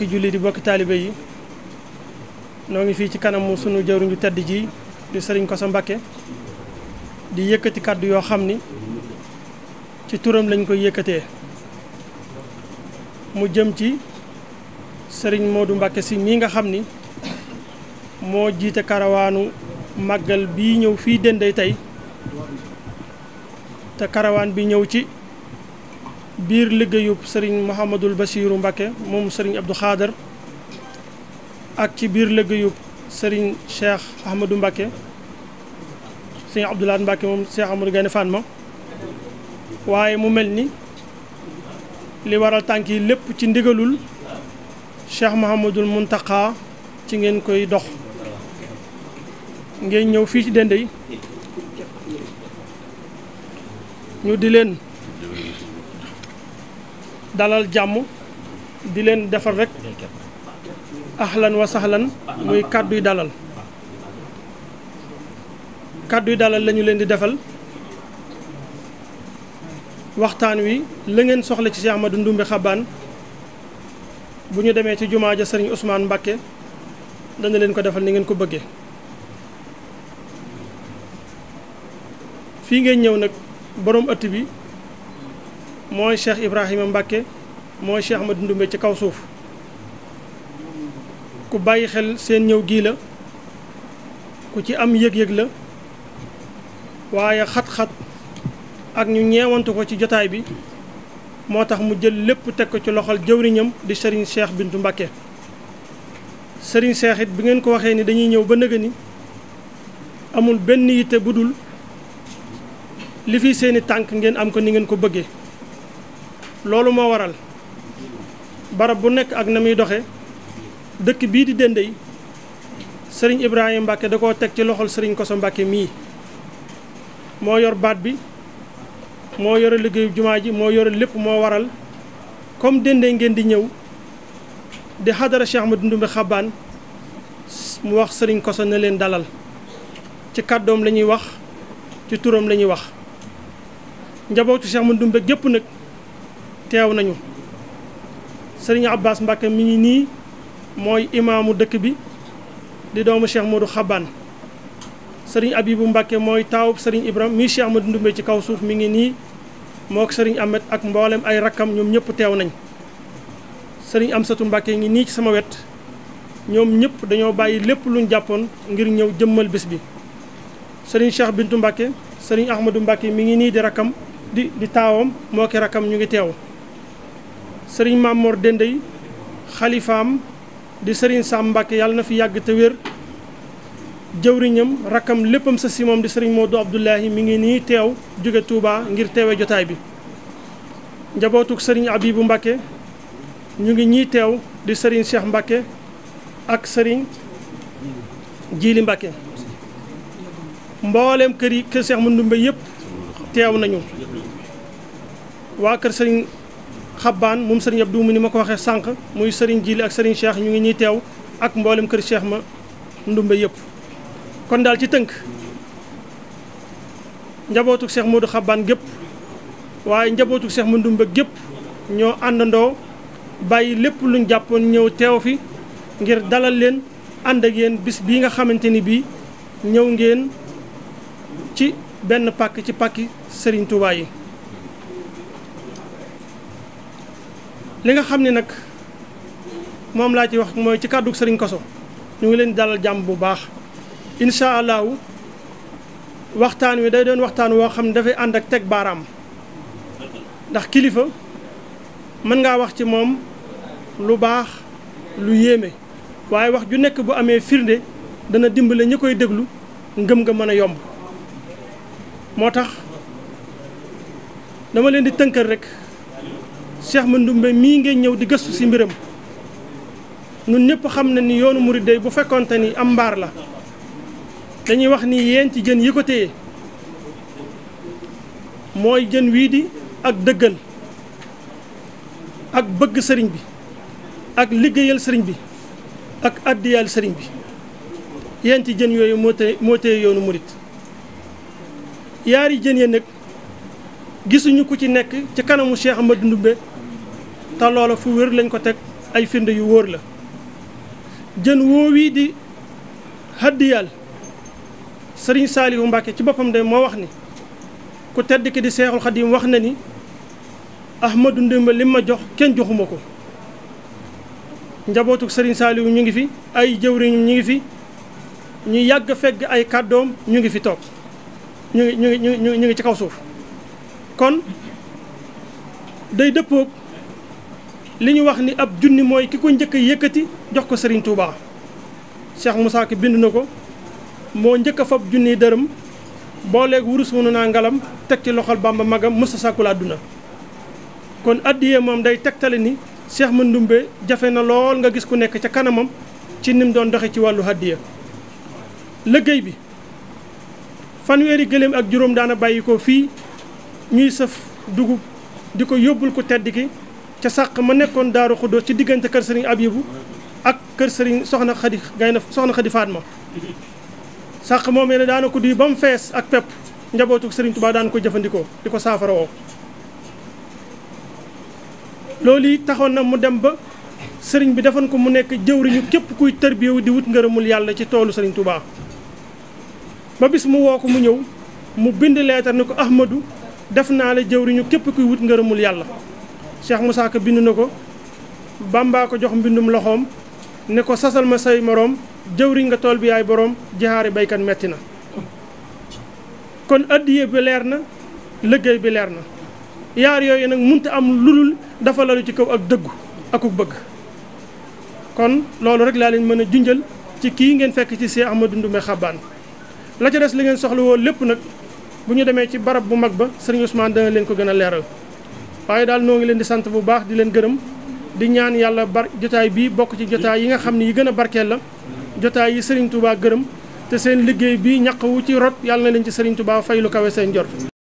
ki julli di bokki taalibe yi noo ngi fii ci kanamu sunu jëwriñ ju tedd ji di sëriñ sa Mbacké di yëkkati kàddu yoo xam ni ci turam lañ koy yëkkatee mu jëm ci sëriñ Modou Mbacké si mii nga xam ni moo jiite karawaanu màggal bi ñëw fii Dendey tey te karawaan bi ñëw ci biir liggéeyub sëriñ Mouhamadul Bachiru Mbacke moom sëriñ Abdou Khader ak ci biir liggéeyub sëriñ Cheikh Ahmadou Mbacke sëriñ Abdoulaye Mbacke moom Cheikh Amadou Gaynde Fatma waaye mu mel ni li waral tànk yi lépp ci ndigalul Cheikh Mouhamadul Muntaqa ci ngeen koy dox ngeen ñëw fii ci Dendey ñu di leen. dalal jàmm di leen defal rek ahlan wa sahlan muy kàdduy dalal kàdduy dalal lañu leen di defal waxtaan wi la ngeen soxla ci Cheikh Ahmadou Ndoumbe Xabaan bu ñu demee ci jumaa ja sëriñ Ousmane Mbacke dana leen ko defal ni ngeen ko bëgge fii ngeen ñëw nag boroom ëtt bi mooy Cheikh Ibrahima Mbacke mooy Cheikh Ahmadou Ndoumbé ci kaw suuf ku bàyyi xel seen ñëw gii la ku ci am yëg-yëg la waaye xat-xat ak ñu ñeewantu ko ci jotaay bi moo tax mu jël lépp teg ko ci loxol jëwriñam di Serigne Cheikh Bintu Mbacke Serigne Cheikh bi ngeen ko waxee ni dañuy ñëw ba nëga amul benn yitte bu dul li fi seeni tànk ngeen am ko ni ngeen ko bëggee loolu moo waral barab bu nekk ak na muy doxe dëkk bii di Dendey sëriñ Ibrahima Mbacke da koo teg ci loxol sëriñ Koso Mbacke mii moo yor baat bi moo yore liggéeyu jumaa ji moo yore lépp moo waral comme Dendey ngeen di ñëw di xadara Cheikh Ahmadou Ndoumbé Xabaan mu wax sëriñ Koso na leen dalal ci kàddoom la ñuy wax ci turam la ñuy wax njabootu Cheikh Ahmadou Ndoumbé gépp nag teew nañu sëriñ Abbas Mbacke mi ngi nii mooy imaamu dëkk bi di doomu Cheikh Modou xaban sëriñ Abibu Mbacke mooy taawub sëriñ Ibrahima mii Cheikh Modou Ndumbe ci kaw suuf mi ngi nii mook ak sëriñ Ahmed ak mboolem ay rakkam ñoom ñëpp teew nañ sëriñ Amsatu Mbacke ngi nii ci sama wet ñoom ñëpp dañoo bàyyi lépp luñ jàppoon ngir ñëw jëmmal bés bi sëriñ Cheikh Bintu Mbacke sëriñ Ahmadou Mbacke mi ngi nii di rakkam di di taawam moo ki rakkam ñu ngi teew sëriñ Mamor Dendey xalifaam di sëriñ Sam Mbàkke yàlla na fi yàgg te wér jëwriñam rakkam léppam sa si moom di sëriñ Modou Abdoulahi mi ngi nii teew jóge Touba ngir teewe jotaay bi njabootuk sëriñ Abibu Mbàkke ñu ngi ñii teew di sëriñ Cheikh Mbàkke ak sëriñ Jiili Mbàkke mbooleem kër yi kër Cheikh Mandumbe yëpp teew nañu waa kër sëriñ xabbaan moom sëriñ Abdou ni ma ko waxee sànq muy sëriñ Jili ak sëriñ Cheikh ñu ngi ñuy teew ak mboolem kër Cheikh ma ndumbe yépp kon daal ci tënk njabootu Cheikh gépp waaye njabootu Cheikh ma ndumbe gépp ñoo àndandoo bàyyi lépp luñ jàppoon ñëw teew fi ngir dalal leen ànd ak yéen bis bii nga xamante ni bii ñëw ngeen ci benn pàkk ci pàkki sëriñ Touba yi. li nga xam ne nag moom laa ci wax mooy ci kàddu sëriñ Koso ñu ngi leen dalal jàmm bu baax incha allahu waxtaan wi day doon waxtaan woo xam ne dafay ànd ak teg baaraam ndax kilifa mën ngaa wax ci moom lu baax lu yéeme waaye wax ju nekk bu amee firnde dana dimbale ñi koy déglu ngëm nga mën a yomb moo tax dama leen di tënkal rek. Cheikh Mandoumbe mii ngeen ñëw di gëstu ci mbiram ñun ñëpp xam na ni yoonu murid day bu fekkonte ni am mbaar la dañuy wax ni yeen ci jën yi ko téye mooy jën wii di ak dëggal ak bëgg sëriñ bi ak liggéeyal sëriñ bi ak àddiyaal sëriñ bi yeen ci jën yooyu moo téye moo téye yoonu murit yaari jën yi nag gisuñu ku ci nekk ci kanamu Cheikh Ahmadou Ndoumbe te loola fu wér lañ ko teg ay firnde yu wóor la jën woowii di haddiyal sëriñ Saalihu Mbàkke ci boppam de moo wax ni ku tedd ki di seexul xadim wax na ni ahmadu ndimba li ma jox kenn joxuma ko njabootuk sëriñ Saalihu ñu ngi fi ay jëwriñum ñu ngi fi ñu yàgg fegg ay kàddoom ñu ngi fi toog ñu ngi ñu ngi ci kaw suuf kon day dëppoog li ñu wax ni ab junni mooy ki ko njëkk a yëkkati jox ko Serigne Touba Cheikh Moussa Ka bind na ko moo njëkk a fab junni dërëm booleeg wurus mënu ngalam teg ci loxol ba magam mësa sàkkul àdduna kon addiyee moom day tegtale ni Cheikh Mandoumbe jafe na lool nga gis ku nekk ca kanamam ci nim doon doxe ci wàllu addiya liggéey bi fanweeri gëléem ak juróom daana bàyyi ko fii ñuy sëf dugub di ko yóbbul ko tedd ki ca sàq ma nekkoon daaru xuddoos ci diggante kër sëriñ abibu ak kër sëriñ soxna xadi gaynde soxna xadi faatma sàq moomee ne daana ko duy ba mu fees ak pepp njabootu sëriñ tubaa daan ko jëfandikoo di ko saafara woo loolu taxoon na mu dem ba sëriñ bi defoon ko mu nekk jëwriñu képp kuy tërbiyewu di wut ngërëmul yàlla ci toolu sëriñ tubaa ba bis mu woo ko mu ñëw mu bind leetar ni ko ahmadu def naa la jëwriñu képp kuy wut ngërëmul yàlla Cheikh Moussa Ka bind na ko Bamba ko jox mbindum loxoom ne ko sasal ma say moroom jëwri nga tool bi yaay boroom jaxaari baykat metti na kon addiye bi leer na liggéey bi leer na yaar yooyu nag munta am lulul dafa lalu ci kaw ak dëggu akuk bëgg kon loolu rek laa leen mën a junjal ci kii ngeen fekk ci ma Ahmadou Ndoumbé Xabane la ca des li ngeen soxla woo lépp nag bu ñu demee ci barab bu mag ba sëriñ Ousmane dana leen ko gën a leeral waaye daal noo ngi leen di sant bu baax di leen gërëm di ñaan yàlla bar jotaay bii bokk ci jotaay yi nga xam ne yi gën a barkeel la jotaay yi Serigne Touba gërëm te seen liggéey bi ñaq wu ci rot yàlla na leen ci Serigne Touba fay lu kawe seen jot